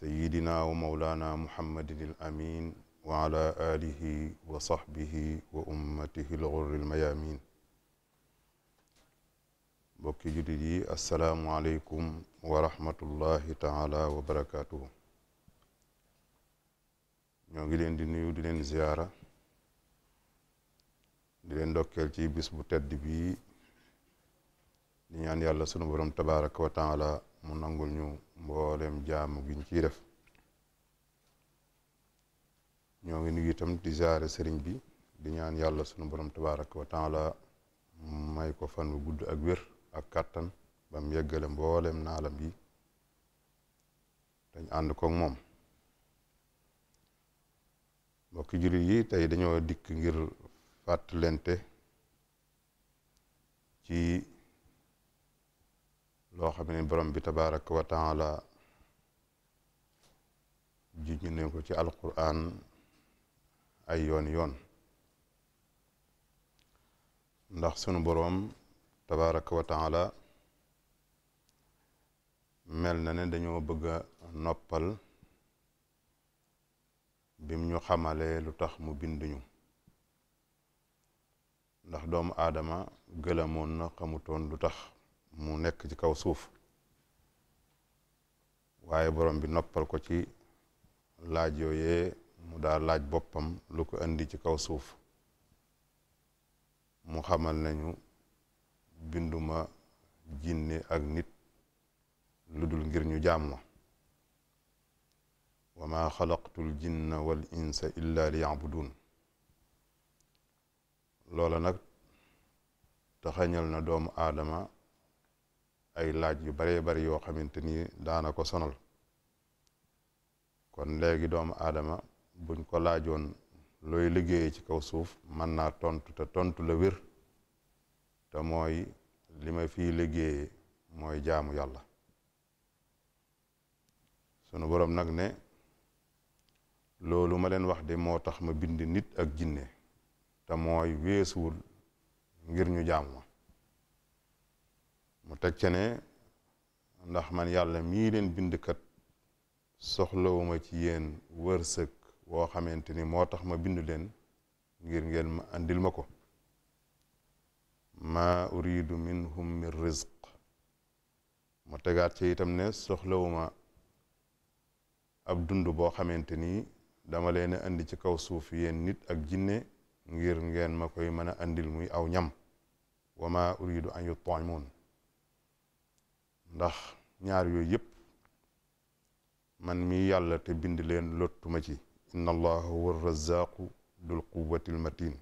sayyidina wa mawlaana muhammadin al amin wa ala alihi wa sahbihi wa ummatihi al ghurril mayamin mbokki jullit yi assalaamu aleykum wa rahmatullahi taala wa barakaatuhu ñoo ngi leen di nuyu di leen ziyaara di leen ndokkeel ci bis bu tedd di ñaan yàlla sunu borom tabaraka wa taala mu nangul ñu mboolem jaamu giñ ciy def ñoo ngi nuyu itam di ziare sëriñ bi di ñaan yàlla sunu borom tabaraka wa taala may ko fan wu gudd ak wér ak kàttan ba mu yeggale mboolem naalam yi dañ ànd koog moom mbokki jullit yi tey dañoo dikk ngir fàttalente ci loo xam ne borom bi tabaraka wa taala ji ñu ne ko ci alquran ay yoon yoon ndax sunu borom tabaraka wa taala mel na ne dañoo bëgg a noppal bim ñu xamalee lu tax mu binduñu ndax doomu aadama gëlamoon na xamutoon lu tax mu nekk ci kaw suuf waaye borom bi noppal ko ci laaj yooyee mu daa laaj boppam lu ko indi ci kaw suuf mu xamal nañu binduma jinne ak nit lu dul ngir ñu jaam ma wa ma xalaqtul jinna wal insa illa liyabudun loola nag taxañal na doomu aadama ay laaj yu baree bari yoo xamante ni daana ko sonal kon léegi doomu aadama buñ ko laajoon looy liggéeyee ci kaw suuf mën naa tontu te tontu la wér te mooy li ma fii liggéeyee mooy jaamu yàlla sunu boroom nag ne loolu ma leen wax de moo tax ma bind nit ak jinné te mooy weesuwul ngir ñu jaamu mu teg ca ne ndax man yàlla mii leen bindkat soxlawuma ci yéen wërsëg woo xamante ni moo tax ma bind leen ngir ngeen ma andil ma ko maa uridu minhum min rizq mu tegaat ci itam ne soxlawuma ab dund boo xamante ni dama leen a andi ci kaw suuf yéen nit ak jinne ngir ngeen ma koy mën a andil muy aw ñam wa maa uridu an yut'imun ndax ñaar yooyu yëpp man mi yàlla te bind leen lottuma ci inna allaha huwa razaqu dul quwati al matin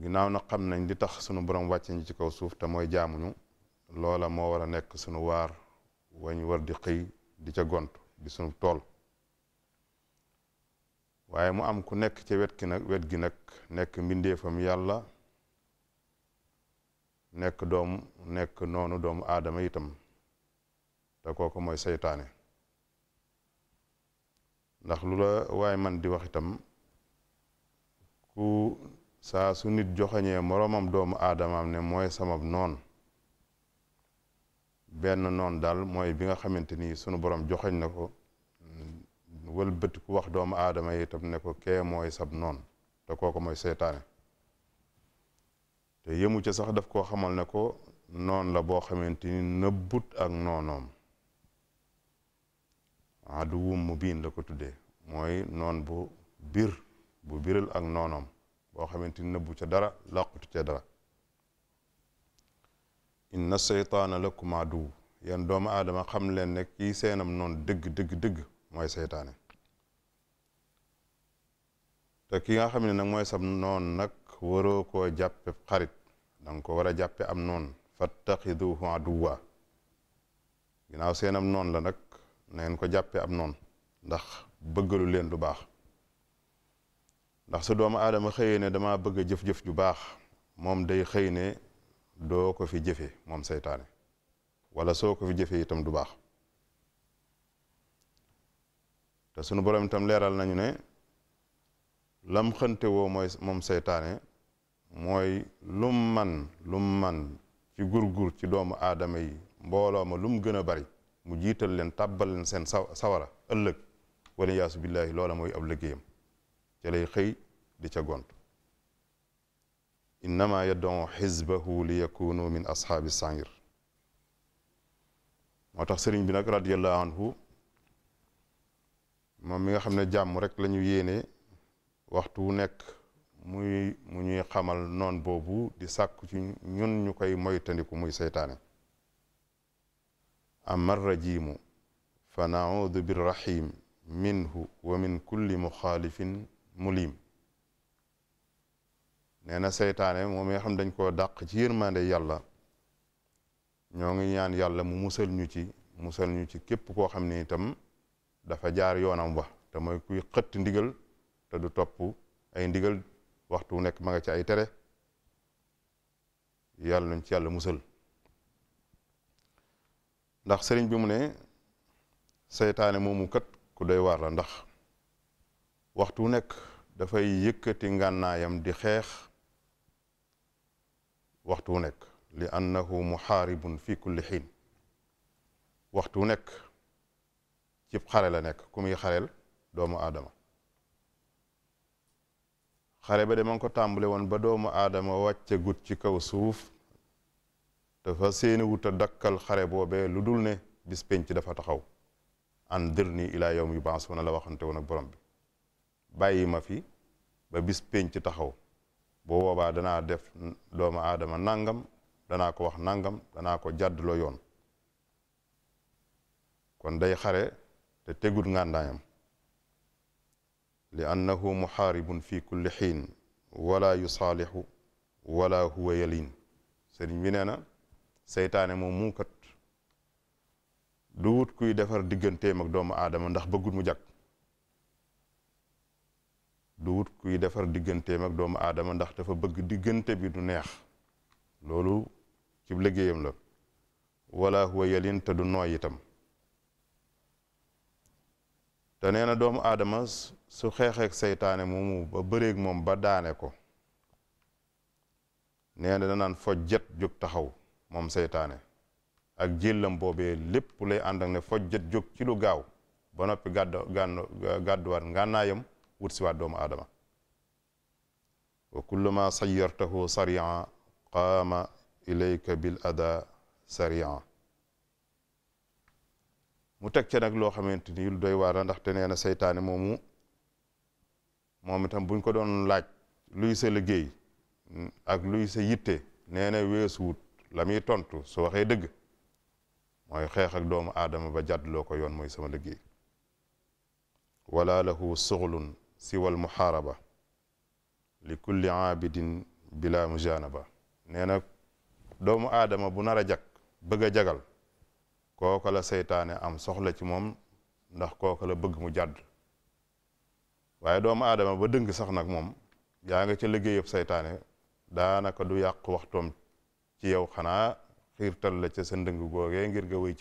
ginnaaw na xam nañ li tax sunu borom wàcce ñi ci kaw suuf te mooy jaamuñu loola moo war a nekk sunu waar wañ war di xëy di ca gont di sunu tool waaye mu am ku nekk ca wet gi nag wet gi nag nekk mbindeefam yàlla nekk doomu nekk noonu doomu aadama itam te kooku mooy seytaane ndax lu la waaye man di wax itam ku saa su nit joxañee moroomam doomu aadamaam ne mooy samab noon benn noon daal mooy bi nga xamante ni sunu borom joxañ na ko wëlbati ku wax doomu aadama itam ne ko kee mooy sab noon te kooku mooy seytaane te yëmu ca sax daf koo xamal ne ko noon la boo xamante ni nëbbut ak noonoom adu mu biin la ko tuddee mooy noon bu bir bu biral ak noonoom boo xamante ni nëbbu ca dara làqutu ca dara inna seytaana la aduw yéen doomu aadama xam leen ne kii seenam noon dëgg dëgg dëgg mooy seytaane te ki nga xam ne nag mooy sam noon nag waroo ko jàppe xarit danga ko war a jàppe am noon fattaxiduhu aduwa ginnaaw seen am noon la nag na ko jàppe am noon ndax bëggalu leen lu baax ndax su doomu aadama xëyee ne dama bëgg a jëf-jëf ju baax moom day xëy ne doo ko fi jëfe moom seytaane wala soo ko fi jëfe itam du baax te sunu borom itam leeral nañu ne lam xante woo mooy moom seytaane mooy lum man lum man ci gurgur ci doomu aadama yi mbooloo ma lum gën a bari mu jiital leen tàbbal leen seen sa sawara ëllëg wala yaasu billaahi loola mooy ab yam ca lay xëy di ca gont innama yad'u xizbahu li yakunu min ashaabi sa'ir moo tax sëriñ bi nag radiyallahu anhu moom mi nga xam ne jàmm rek lañu yéene waxtu wu nekk muy mu ñuy xamal noon boobu di sàkku ci ñun ñu koy moytandiku muy seytaane amma rajimu fa naudu birrahim minhu wa min kulli muxaalifin mulim nee na seytaane moom nga xam dañ koo dàq ci yërmande yàlla ñoo ngi ñaan yàlla mu musal ñu ci musal ñu ci képp koo xam ne itam dafa jaar yoonam wax te mooy kuy xëtt ndigal te du topp ay ndigal waxtu wu nekk ma nga ci ay tere yàlla nañ ci musal ndax sëriñ bi mu ne seytaane moomu kat ku doy waar la ndax waxtu wu nekk dafay yëkkati ngànnaayam di xeex waxtu wu nekk li annahu muxaaribun fi kulli xiin waxtu nekk cib xare la nekk ku muy xareel doomu aadama xare ba de ma ngi ko tàmbale woon ba doomu aadama wàcce gut ci kaw suuf dafa seeni wuta dakkal xare boobee lu dul ne bis penc dafa taxaw an dirni ilaa yawm yubaasuuna la waxante woon ak borom bi bàyyi ma fi ba bis taxaw boo boobaa danaa def doomu aadama nangam danaa ko wax nangam danaa ko jàddloo yoon kon day xare te tegut ngàndaayam li annahu muxaaribun fi kulli xiin wala yusaalixu wala huwa yalin sëriñ bi nee na seytaane moom mu kat du wut kuy defar digganteem ak doomu aadama ndax bëggut mu jag du wut kuy defar digganteem ak doomu aadama ndax dafa bëgg diggante bi du neex loolu ci liggéeyam la wala huwa yalin te du nooy te nee na doomu aadama su xeexeek seytaane moomu ba bëreeg moom ba daane ko nee na danaan foj jët jóg taxaw moom seytaane ak jëllam boobee lépp lay ànd ak ne foj jët jóg ci lu gaaw ba noppi gàddu gàdduwaat ngànnaayam wut siwaat doomu adama wa kullu ma sayyartahu sarian qaama ilayka bil ada sarian mu teg ca nag loo xamante ni lu doy waar la ndaxte nee na seytaane moomu moom itam buñ ko doon laaj luy sa liggéey ak luy sa yitte nee na weesuwut la muy tontu su waxee dëgg mooy xeex ak doomu aadama ba jàddloo ko yoon mooy sama liggéey wala lahu suxlun siwal muxaaraba li kulli aabidin bila mujanaba nee na doomu aadama bu nar a jag bëgg a jagal kooka la seytaane am soxla ci moom ndax kooka la bëgg mu jàdd waaye doomu aadama ba dëng sax nag moom yaa nga ca liggéeyab seytaane daanaka du yàq waxtoom ci yow xanaa xiirtal la ca sa ndëng googee ngir nga wéy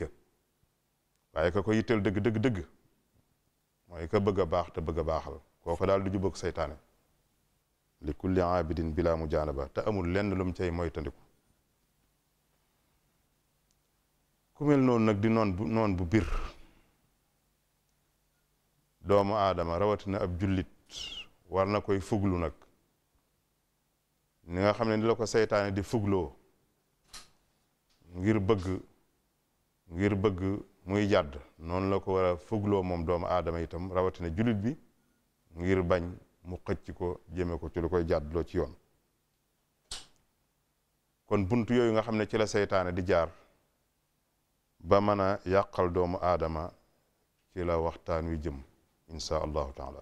ko yitteel dëgg dëgg dëgg mooy ka bëgg a baax te bëgg a baaxal kooka daal du jubóog seytaane li kulli aabidin bila mu jaanaba te amul lenn lum cay moytandiku ku noonu nag di noon bu noon bu bir doomu aadama rawatina ab jullit war na koy fuglu nag ni nga xam ne ni la ko seytaane di fugloo ngir bëgg ngir bëgg muy jàdd noonu la ko war a fugloo moom doomu aadama itam rawatina jullit bi ngir bañ mu xëcc ko jëme ko ci lu koy jàddloo ci yoon kon bunt yooyu nga xam ne ci la seytaane di jaar ba mën a yàqal doomu aadama ci la waxtaan wi jëm insha allahu taala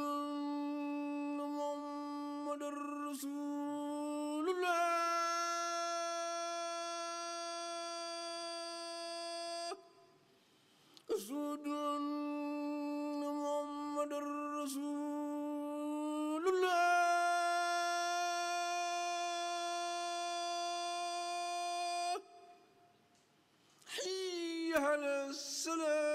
على السلام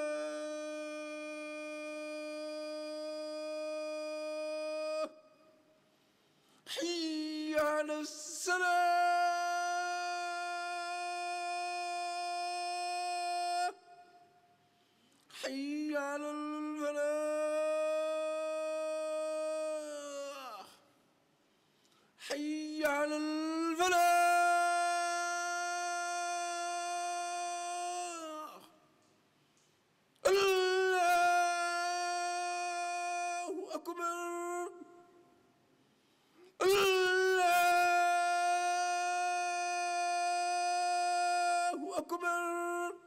أكبر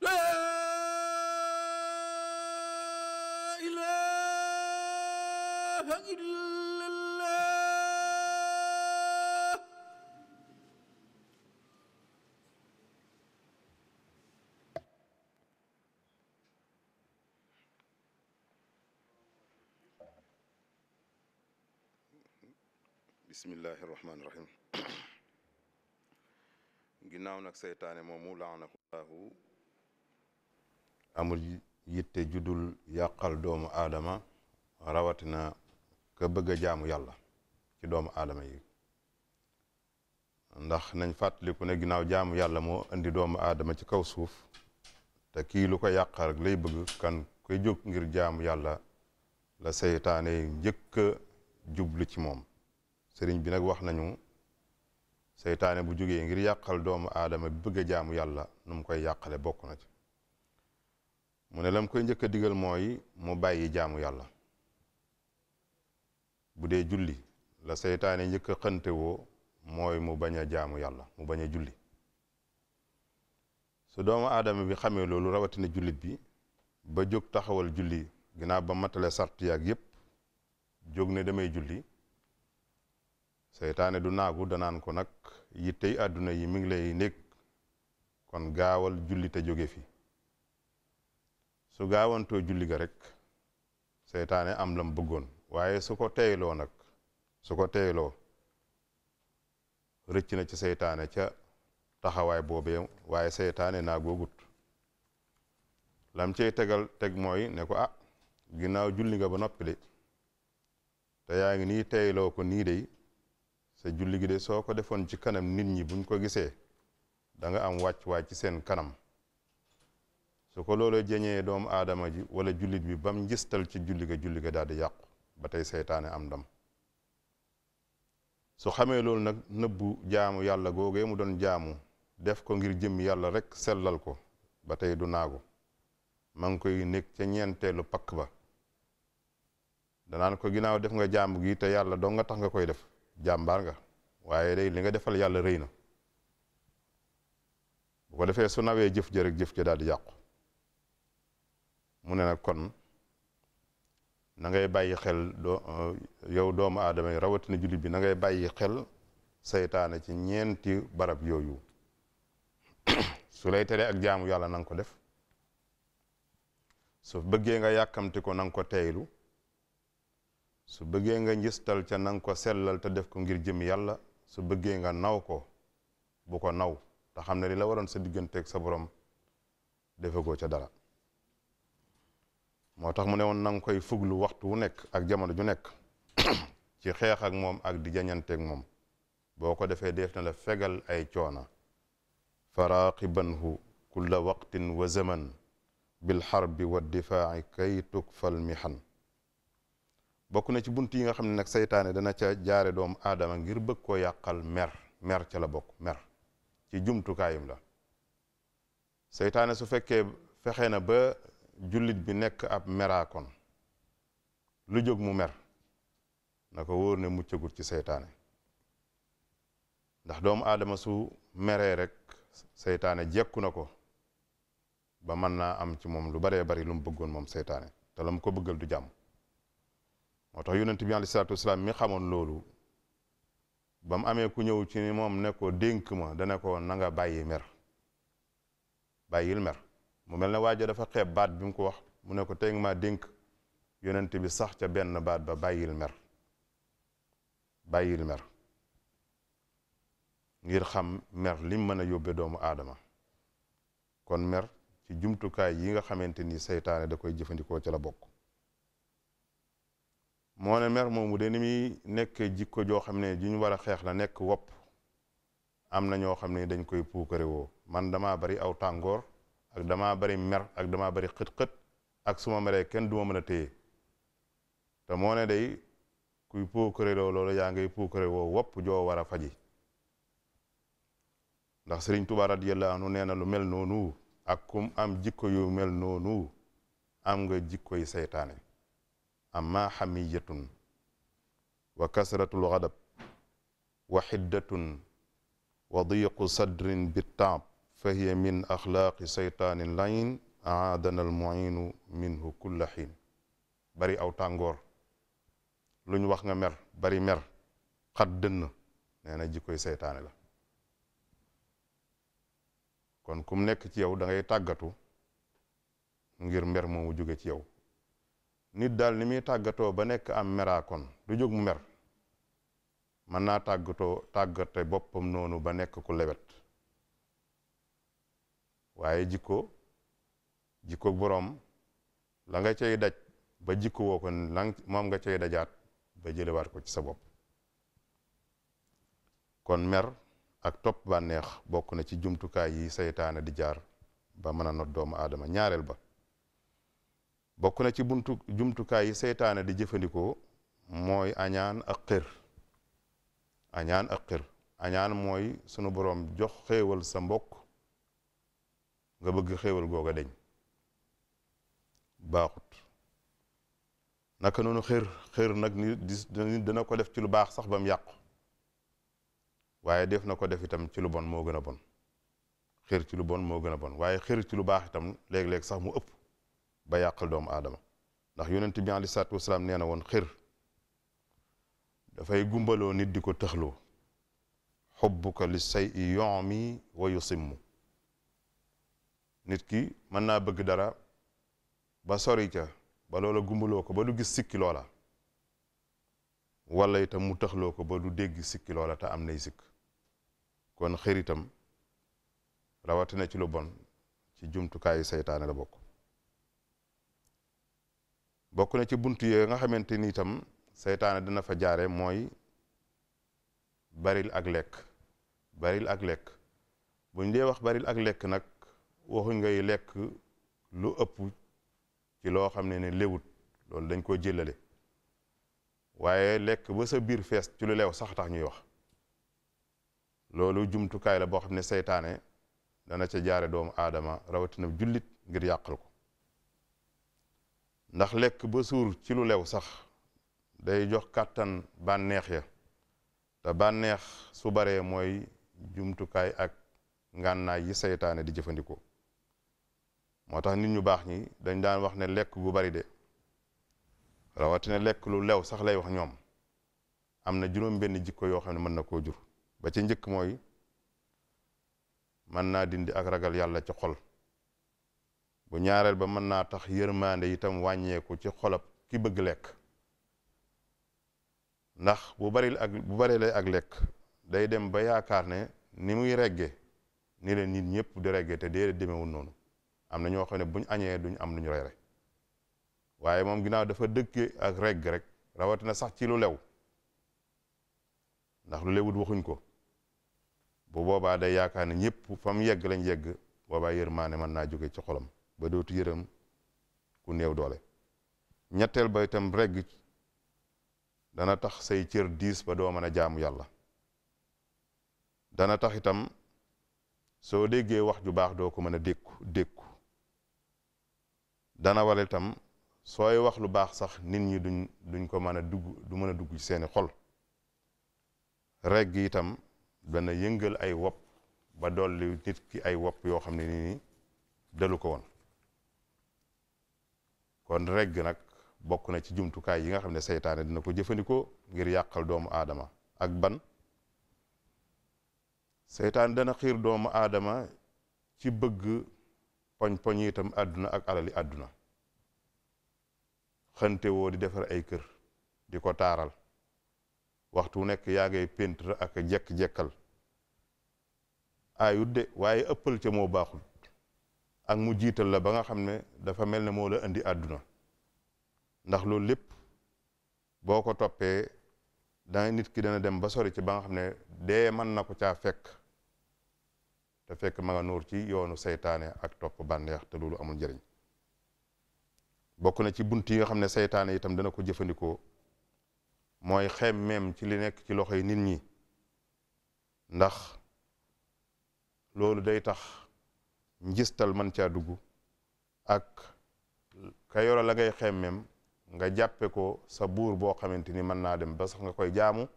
لا إله إلا الله بسم الله الرحمن الرحيم ginnaaw nag seytaane moomu laanahullahu amul yitte judul yàqal doomu aadama rawatina ka bëgg a jaamu yàlla ci doomu aadama yi ndax nañ fàttaliku ne ginnaaw jaamu yàlla moo indi doomu aadama ci kaw suuf te kii lu ko yàq lay bëgg kan koy jóg ngir jaamu yàlla la seytaane njëkk a jublu ci moom sëriñ bi nag wax nañu seytaane bu jógee ngir yàqal doomu aadama bi bëgg a jaamu yàlla nu mu koy yàqale bokk na ci mu ne lam koy njëkk a digal mooy mu bàyyi jaamu yàlla bu dee julli la seytaane njëkk a woo mooy mu bañ a jaamu yàlla mu bañ a julli su doomu aadama bi xamee loolu rawatina jullit bi ba jóg taxawal julli ginnaaw ba matale sart yaag yëpp jóg ne damay julli seytaane du naagu naan ko nag yittey àdduna yi mi ngi lay nekk kon gaawal julli te jóge fi su gaawantoo julli ga rek seytaane am lam bëggoon waaye su ko teyloo nag su ko teyloo rëcc na ci seytaane ca taxawaay boobee waaye seytaane naa googut lam cey tegal teg mooy ne ko ah ginnaaw julli nga ba noppi de te yaa ngi nii teyloo ko nii de sa julli gi de soo ko defoon ci kanam nit ñi buñ ko gisee da nga am wàcc-wàcc ci seen kanam su ko loolu jeñee doomu aadama ji wala jullit bi bam njistal ci julli ga julli ga daal di yàqu ba tey seytaane am dam su xamee loolu nag nëbbu jaamu yàlla googee mu doon jaamu def ko ngir jëm yàlla rek sellal ko ba tey du naagu ma ngi koy nekk ca ñeenteelu pakk ba danaan ko ginnaaw def nga jaamu gi te yàlla doo nga tax nga koy def jàmbaar nga waaye day li nga defal yàlla rëy na bu ko defee su nawee jëf ja rek jëf ja daal di yàqu mu ne nag kon na ngay bàyyi xel doo euh, doomu aadama yi rawatina jullit bi na ngay bàyyi xel seytaane ci ñeenti barab yooyu su lay tere ak jaamu yàlla na ko def soo bëggee nga yàkkamti ko na ko teylu su bëggee nga njistal ca nang ko sellal te def ko ngir jëm yàlla su bëggee nga naw ko bu ko naw te xam ne di la waroon sa digganteeg sa borom defagoo ca dara moo tax mu ne woon na koy fuglu waxtu wu nekk ak jamono ju nekk ci xeexak moom ak di jañanteeg moom boo ko defee def na la fegal ay coona faraqibanhu kulla waqtin wa zaman bil xarbi wa difaaci kay tukfal mihan bokk na ci bunt yi nga xam ne nag seytaane dana ca jaare doomu aadama ngir bëgg koo yàqal mer mer ca la bokk mer ci jumtukaayam la seytaane su fekkee fexe na ba jullit bi nekk ab meraakon lu jóg mu mer na ko wóor ne muccagul ci seytaane ndax doomu aadama su meree rek seytaane jekku na ko ba mën naa am ci moom lu baree bari lu mu bëggoon moom seytaane te la mu ko bëggal du jàmm moo tax yonent bi alayhi salaatu wasalaam mi xamoon loolu ba mu amee ku ñëw ci ni moom nekkoo ko dénk ma dana ko na nga bàyyi mer bàyyil mer mu mel ne waaja dafa xeeb baat bi mu ko wax mu ne ko tey nga maa dénk yonent bi sax ca benn baat ba bàyyil mer bàyyil mer ngir xam mer lim mën a yóbbe doomu aadama kon mer ci jumtukaay yi nga xamante ni seytaane da koy jëfandikoo ca la bokk moo ne mer moomu de ni muy nekk jikko joo xam ne ju ñu war a xeex la nekk wopp am na ñoo xam ne dañ koy puukare woo man damaa bari aw tàngoor ak dama bari mer ak damaa bari xët-xët ak suma meree kenn duma mën a téye te moone ne day kuy puukare loolu yaa ngay puukare woo wopp joo war a faji ndax Sëriñ Tuubaa radiyallaahu anhu nee na lu mel noonu ak kum am jikko yu mel noonu am nga jikkoy seytaane amma xamiyatun wa kasratul gadab wa xiddatun wa diqu sadrin bittaab fa hiya min axlaaqi seytaanin layin aadana almuinu minhu kulla xiin bari aw tàngoor lu ñu wax nga mer bari mer xat dënn nee na jikkoy seytaane la kon kum nekk ci yow da tàggatu ngir mer moomu jóge ci yow nit daal ni muy tàggatoo ba nekk am meraakon du jóg mu mer mën naa tàggatoo tàggate boppam noonu ba nekk ku lewet waaye jikko jikko boroom la nga cay daj ba jikko woo nga cay dajaat ba jëlewaat ko ci sa bopp kon mer ak topp bànneex bokk na ci jumtukaay yi seytaane di jaar ba mën a not doomu aadama ñaareel ba bokk na ci jumtukaay yi seytaane di jëfandikoo mooy añaan ak xër añaan ak mooy sunu boroom jox xéewal sa mbokk nga bëgg xéewal googa deñ baaxut naka noonu xër xër nag ni dina ko def ci lu baax sax ba mu yàqu waaye def na ko def itam ci lu bon moo gën a bon xër ci lu bon moo gën a bon waaye xër ci lu baax itam léeg-léeg sax mu ëpp ba yàqal doomu aadama ndax yonent bi aleyhi salaatu wasalaam nee na woon xir dafay gumbaloo nit di ko tëxloo xubbuka li say yomi wa yusimmu nit ki mën naa bëgg dara ba sori ca ba loola gumbaloo ko ba du gis sikki loola wala itam mu taxloo ko ba du dégg sikki loola te am nay sikk kon xër itam rawatina ci lo bon ci jumtukaayu seytaane la bokk bokk na ci bunt yooyu nga xamante ni itam seytaane dina fa jaare mooy baril ak lekk baril ak lekk buñ dee wax baril ak lekk nag waxuñ ngay lekk lu ëpp ci loo xam ne ne lewut loolu dañ koo jëlale waaye lekk ba sa biir fees ci lu leew sax tax ñuy wax loolu jumtukaay la boo xam ne seytaane dana ca jaare doomu aadama rawatina jullit ngir yàqal ko ndax lekk ba suur ci lu lew sax day jox kàttan bànneex ya te bànneex su baree mooy jumtukaay ak naay yi seytaane di jëfandikoo moo tax nit ñu baax ñi dañ daan wax ne lekk bu bari de rawatina lekk lu lew sax lay wax ñoom am na juróom benn jikko yoo xam ne mën na koo jur ba ci njëkk mooy mën naa dindi ak ragal yàlla ci xol bu ñaareel ba mën naa tax yërmaande yitam wàññeeku ci xolab ki bëgg lekk ndax bu baril ak bu bareele ak lekk day dem ba yaakaar ne ni muy regge ni leen nit ñëpp di regge te déedéet demewul noonu am na ñoo xam ne buñ añee duñ am lu ñu rek waaye moom ginaaw dafa dëkke ak regg rek rawatina sax ci lu lew ndax lu lewut waxuñ ko bu boobaa day yaakaar ne ñëpp fa mu yegg lañ yegg boobaa yërmaane mën naa jóge ci xolam ba dootu yërëm ku néew doole ñetteel ba itam regg dana tax say cër diis ba doo mën a jaamu yàlla dana tax itam soo déggee wax ju baax doo ko mën a dékku dékku dana wala itam sooy wax lu baax sax nit ñi duñ duñ ko mën a dugg du mën a dugg ci seeni xol regg itam dana yëngal ay wopp ba dolli nit ki ay wopp yoo xam ne nii dalu ko woon kon regg nag bokk na ci jumtukaay yi nga xam ne seytaane dina ko jëfandikoo ngir yàqal doomu aadama ak ban seytaane dana xiir doomu aadama ci bëgg poñ-poñ itam àdduna ak alali àdduna xante woo di defar ay kër di ko taaral waxtu nekk yaa ngay peintre ak jekk-jekkal aayut de waaye ëppal ca moo baaxul ak mu jiital la ba nga xam ne dafa mel ne moo la indi àdduna ndax loolu lépp boo ko toppee danga nit ki dana dem ba sori ci ba nga xam ne dee mën na ko caa fekk te fekk ma ci yoonu seytaane ak topp bànneex te loolu amul njëriñ bokk na ci bunt yi nga xam ne seytaane itam dana ko jëfandikoo mooy xemmeem ci li nekk ci loxo yi nit ñi ndax loolu day tax njistal man caa dugg ak ka yoro la ngay xemmem nga jàppe ko sa buur boo xamante ni mën naa dem ba sax nga koy jaamu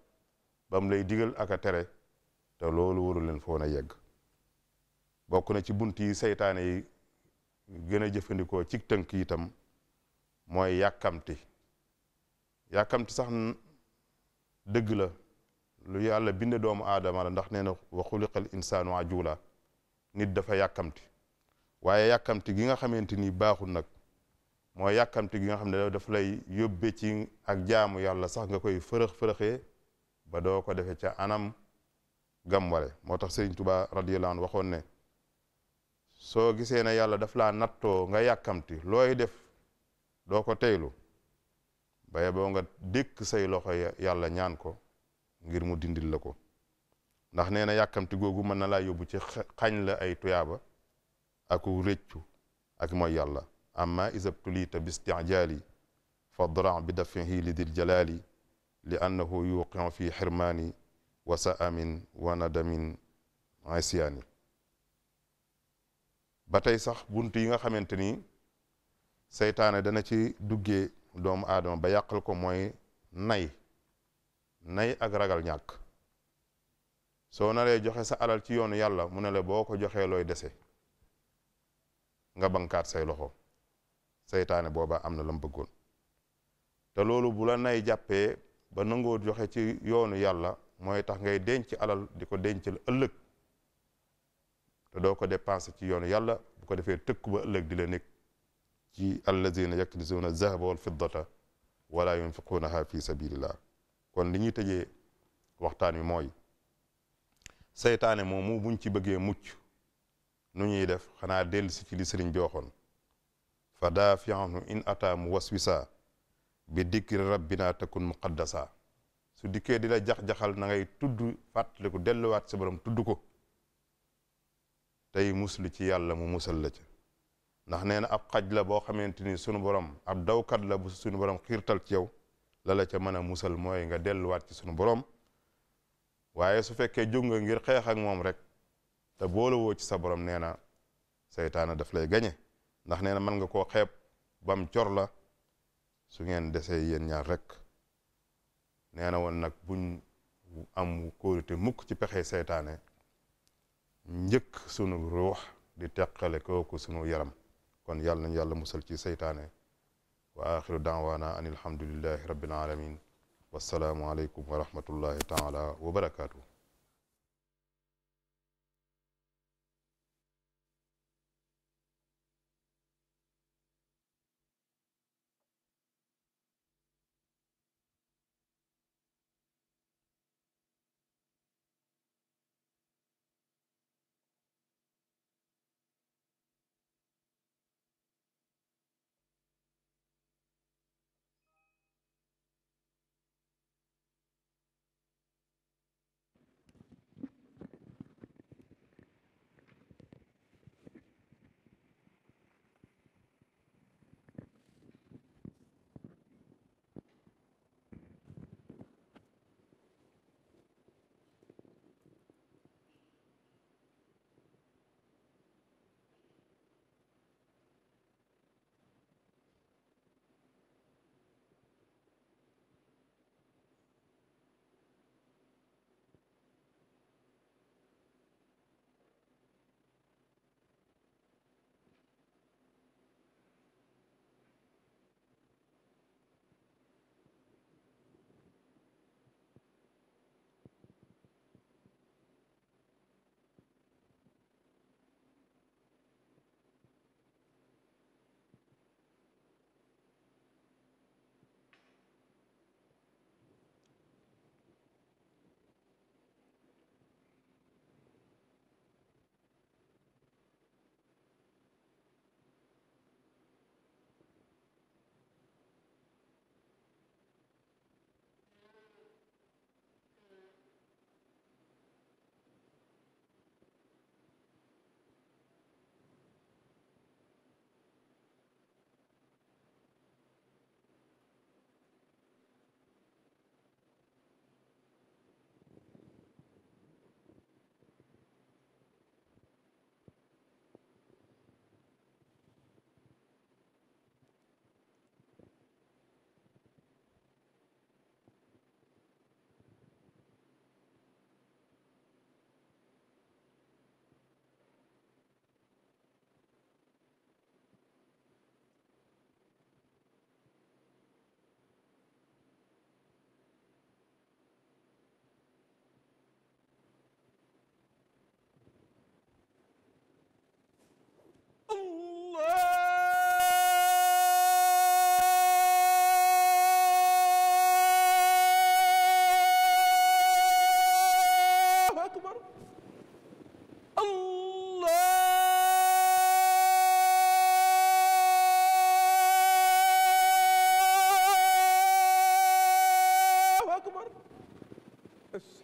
ba lay digal aka tere te loolu waru leen foon a yegg bokk na ci bunt yi seytaane yi gën a jëfandikoo ci tënk itam mooy yàkkamti yàkkamti sax dëgg la lu yàlla binde doomu aadama la ndax nee na wa xuliqal insaanu ajula nit dafa yàkkamti waaye yàkkamti gi nga xamante ni baaxul nag moo yàkkamti gi nga xam ne daf lay yóbbe ci ak jaamu yàlla sax nga koy fërëx-fërëxee ba doo ko defe ca anam gam ware moo tax sëriñ tuba radiyallaahu anhu waxoon ne soo gisee ne yàlla daf laa nattoo nga yàkkamti looy def doo ko teylu baye boo nga dékk say loxo yàlla ñaan ko ngir mu dindil la ko ndax nee na yàkkamti googu mën na laa yóbbu ci xañ la ay tuyaaba aku réccu ak mooy yàlla amma isabtuliita bistijaali fa dran bi dafihi li di jalaali li annahu yuqiu fi xirmaani wa saamin wa nadamin isyaani ba tey sax bunt yi nga xamante ni seytaane dana ci dugge doomu aadama ba yàqal ko mooy nay nay ak ragal ñàkk soo naree joxe sa alal ci yoonu yàlla mu na le boo ko joxee looy dese nga bankaat say loxo seytaane booba am na lam bëggoon te loolu bu la nay jàppee ba nangoo joxe ci yoonu yàlla mooy tax ngay denc alal di ko dencal ëllëg te doo ko dépensé ci yoonu yàlla bu ko defee tëkk ba ëllëg di la nekk ci allazina yaknizuna zahaba wal fiddata wala yunfiqunaha fi sabilillah kon li ñuy tëjee waxtaan wi mooy seytaane moomu buñ ci bëggee mucc nu ñuy def xanaa dellu si ci li sëriñ bi waxoon fa daafianhu in ataa mu waswisa bi dikri rabbina takun muqaddasa su dikkee di la jax-jaxal nanga ngay tudd fàttaliku delluwaat sa borom tudd ko tey musul ci yàlla mu musal la ca ndax nee na ab xaj la boo xamante ni sunu borom ab dawkat la bu sunu borom xiirtal ci yow la la ca mën a musal mooy nga delluwaat ci sunu borom waaye su fekkee jóg nga ngir xeex ak moom rek te boole woo ci sa borom nee na seytaane daf lay gañe ndax nee na mën nga koo xeeb bam cor la su ngeen desee yéen ñaar rek nee na woon nag buñ am kóolute mukk ci pexe seytaane njëkk sunu ruux di teqale kooku sunu yaram kon yàlla nañ yàlla musal ci seytaane wa axiru daawaana an ilhamdulillahi rabbil alamin wassalaamu aleykum wa rahmatullahi taala wa barakaatu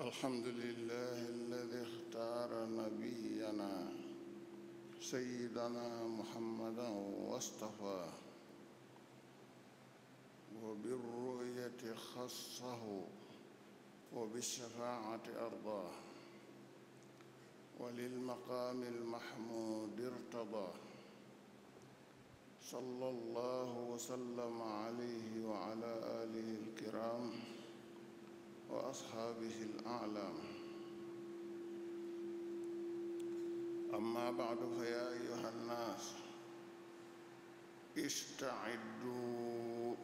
الحمد لله الذي اختار نبينا سيدنا محمدا واصطفاه وبالرؤية خصه وبالشفاعة أرضاه وللمقام المحمود ارتضاه صلى الله وسلم عليه وعلى آله الكرام wa asxaabihi al-aclaam amma bacdu fa yaa ayyuha nnaas istacidduu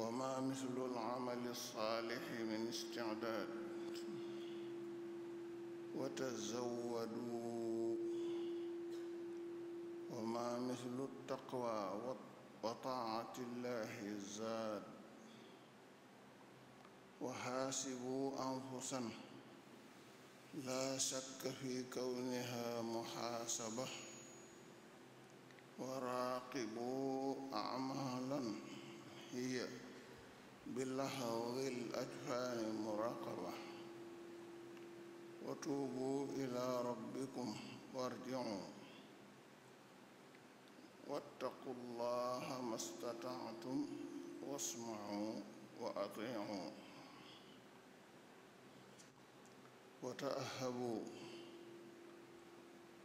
wa maa mislu al-camali as-saalixi min isticdaad wa tazawwaduu wa maa mislu at-taqwaa wa taacati llaahi zaad وحاسبوا أنفسنا لا شك في كونها محاسبة وراقبوا أعمالا هي بلحظ الأجفان مراقبة وتوبوا إلى ربكم وارجعوا واتقوا الله ما استطعتم واسمعوا وأطيعوا وتأهبوا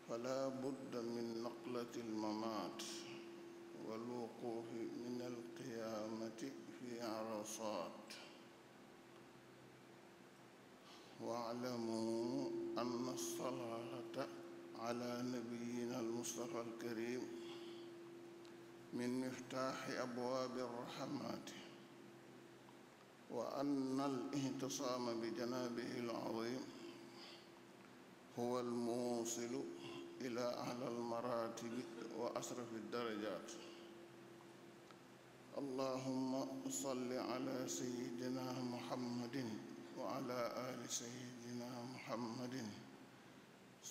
فلا بد من نقلة الممات والوقوف من القيامة في عرصات واعلموا أن الصلاة على نبينا المصطفى الكريم من مفتاح أبواب الرحمات وأن الاهتصام بجنابه العظيم huwa almuusilu ila ahla almaratibi wa asrafi darajaat allahuma salli ala sayidina muhammadin wa ala ali sayidina muhammadin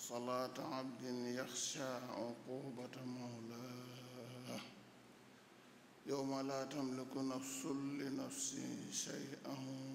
salaata abdin yaxsha uqubata mawlaa yowma laa tamliku nafsun li nafsin shay'an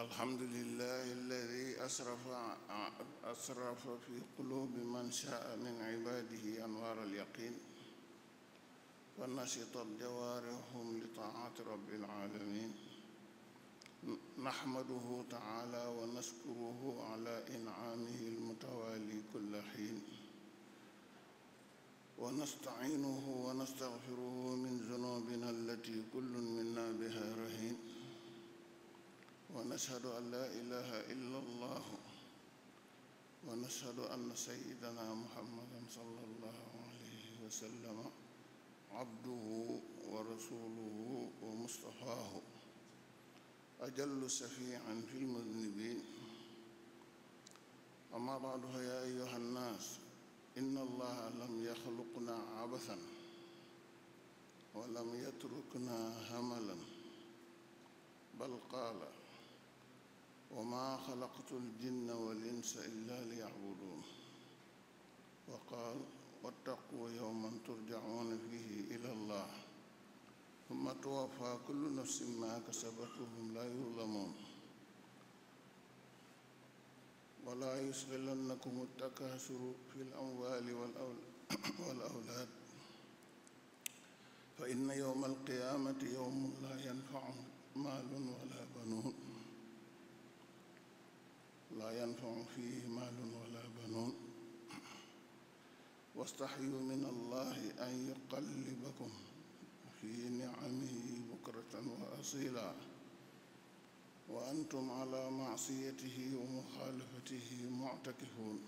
الحمد لله الذي أسرف أسرف في قلوب من شاء من عباده أنوار اليقين ونشطت جوارحهم لطاعة رب العالمين نحمده تعالى ونشكره على إنعامه المتوالي كل حين ونستعينه ونستغفره من ذنوبنا التي كل منا بها رهين ونشهد أن لا إله إلا الله ونشهد أن سيدنا محمدا صلى الله عليه وسلم عبده ورسوله ومصطفاه أجل شفيعا في المذنبين أما بعدها يا أيها الناس إن الله لم يخلقنا عبثا ولم يتركنا هملا بل قال wa maa xalaqtu aljinna wal insa illaa liyacbuduun wa qaal wattaquu yowman turjacuuna fihi ila allah summa tuwaffaa kullu nafsin maa kasabat wa hum laa yuzlamuun walaa yusxilannakum attakaasuru fi lamwaali wal awlaad fa inna yowma alqiyaamati yowmun laa yanfacu maalun wala banuun laa yanfau fiihi maalun wala banuun wastaxyu min allahi an yuqallibakum fi nicamihi bukratan wa asila wa antum ala macsiyatihi wa muxaalafatihi muctakifuun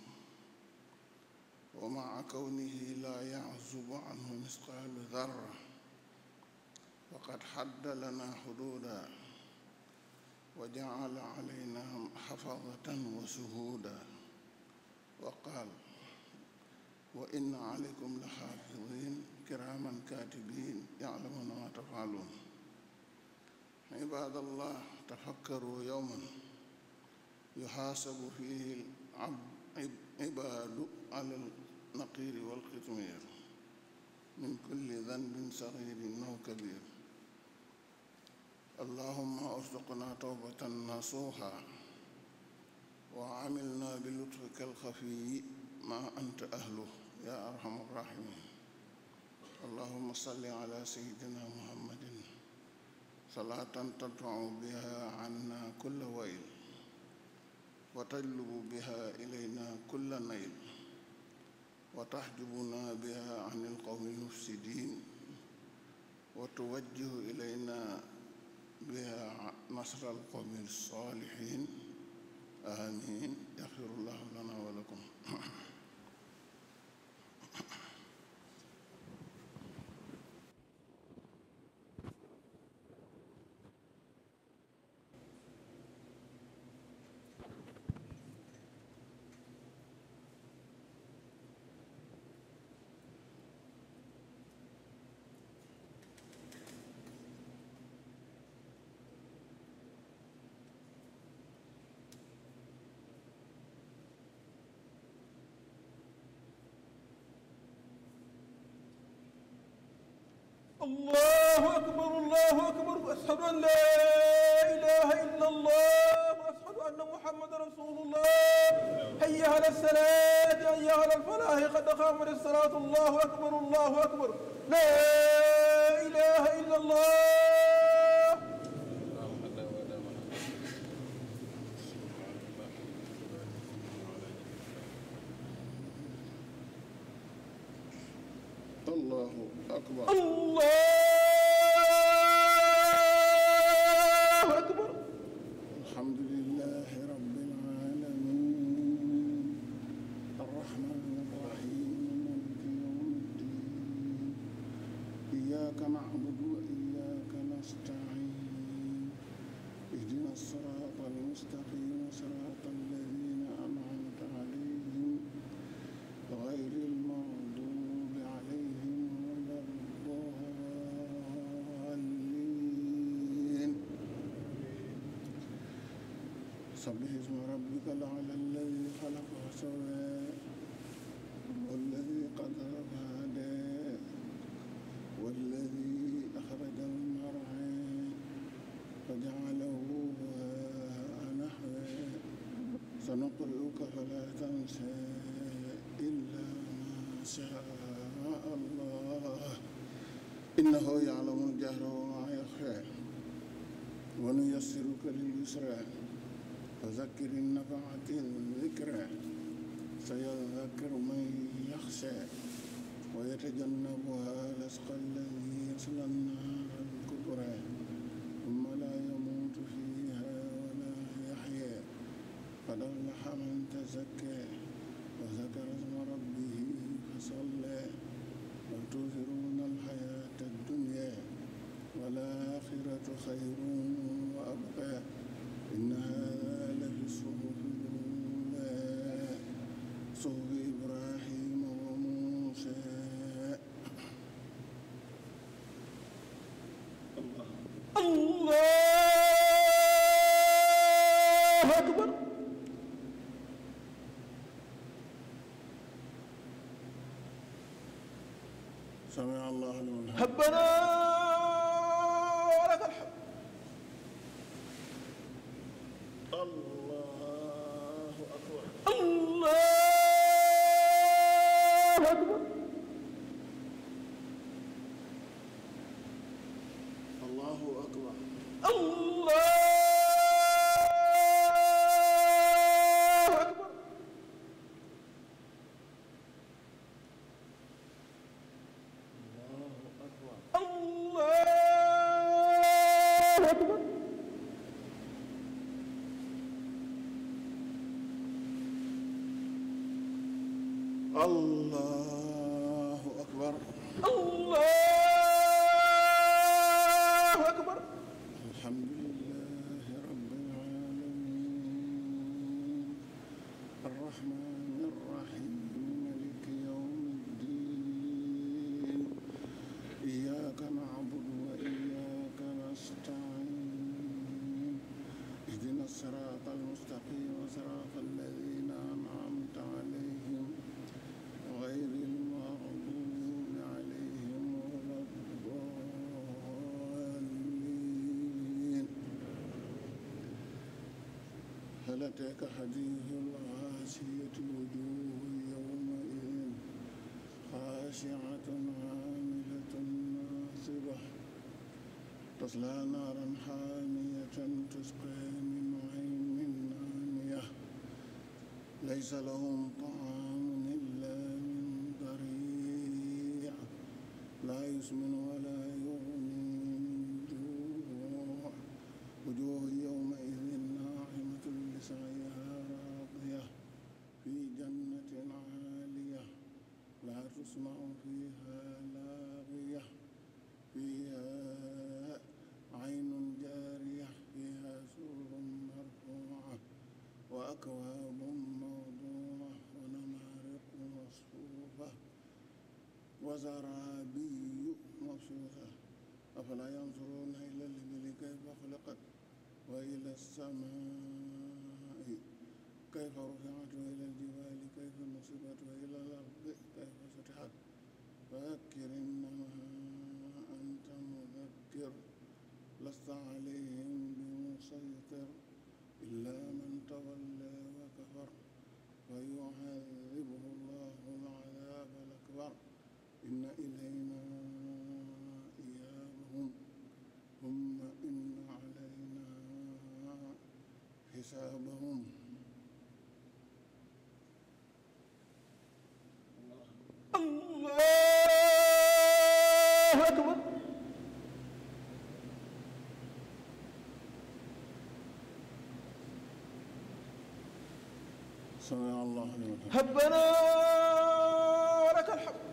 wa maca kawnihi laa yaczubu canhu misqaalu darra faqad xadda lana xuduuda wa jacala calayna xafadatan wa suhuuda wa qaal wa inna calaykum la xaafidin kiraaman kaatibin yaclamuuna maa tafcaluun cibaadallah tafakkaruu yowman yuxaasabu fiihi alcibaadu cala alnaqiiri walxitmiir min kulli danbin sagiirin aw kabiir اللهم ارزقنا توبة نصوحا وعملنا بلطفك الخفي ما أنت أهله يا أرحم الراحمين اللهم صل على سيدنا محمد صلاة تدفع بها عنا كل ويل وتجلب بها إلينا كل نيل وتحجبنا بها عن القوم المفسدين وتوجه إلينا yaa nasral qawmi saalihiin amiin yaxfirullahu lana wa lakum allahu akbar allahu akbar ashadu an la ilaha illa allah wa ashadu anna muhammadan rasulullah hayya ala salaati hayya ala alfalaahi qad qaamat salaatu allahu akbar allahu akbar la ilaha illa allah الله أكبر الله سبح اسم ربك الأعلى الذي خلق فسوى والذي قدر فهدى والذي أخرج المرعى فجعله هاء نحوه سنقرئك فلا تنسى إلا ما شاء الله إنه يعلم الجهر وما يخفى ونيسرك لليسرى وذكر النفعة الذكرى سيذكر من يخشى ويتجنبها الأشقى الذي يصلى النار الكبرى ثم لا يموت فيها ولا يحيا قد أفلح من تزكى وذكر اسم ربه فصلى وتؤثرون allahu akbar sami allah liman لديك حديث العاسية وجوه يومئذ خاشعة عاملة ناصبة تصلى نارا حامية تسقى من عين آنية ليس لهم طعام إلا من ضريع لا يسمن ولا أكواب موضوعة ونمارق مصفوفة وزرابي مبثوثة أفلا ينظرون إلى الإبل كيف خلقت وإلى السماء كيف رفعت وإلى الجبال كيف نصبت فيعذبه الله العذاب الأكبر إن إلينا إيابهم ثم إن علينا حسابهم سمع الله لمن حمده ربنا ولك الحمد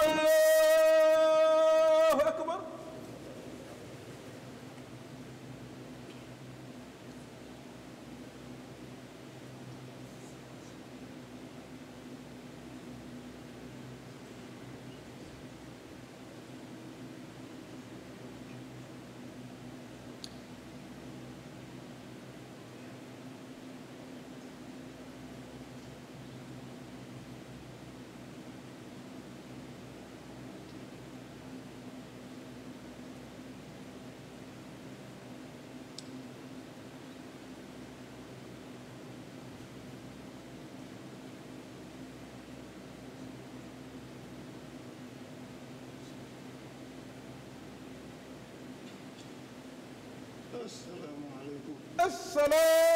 Allah asalaamaaleykum.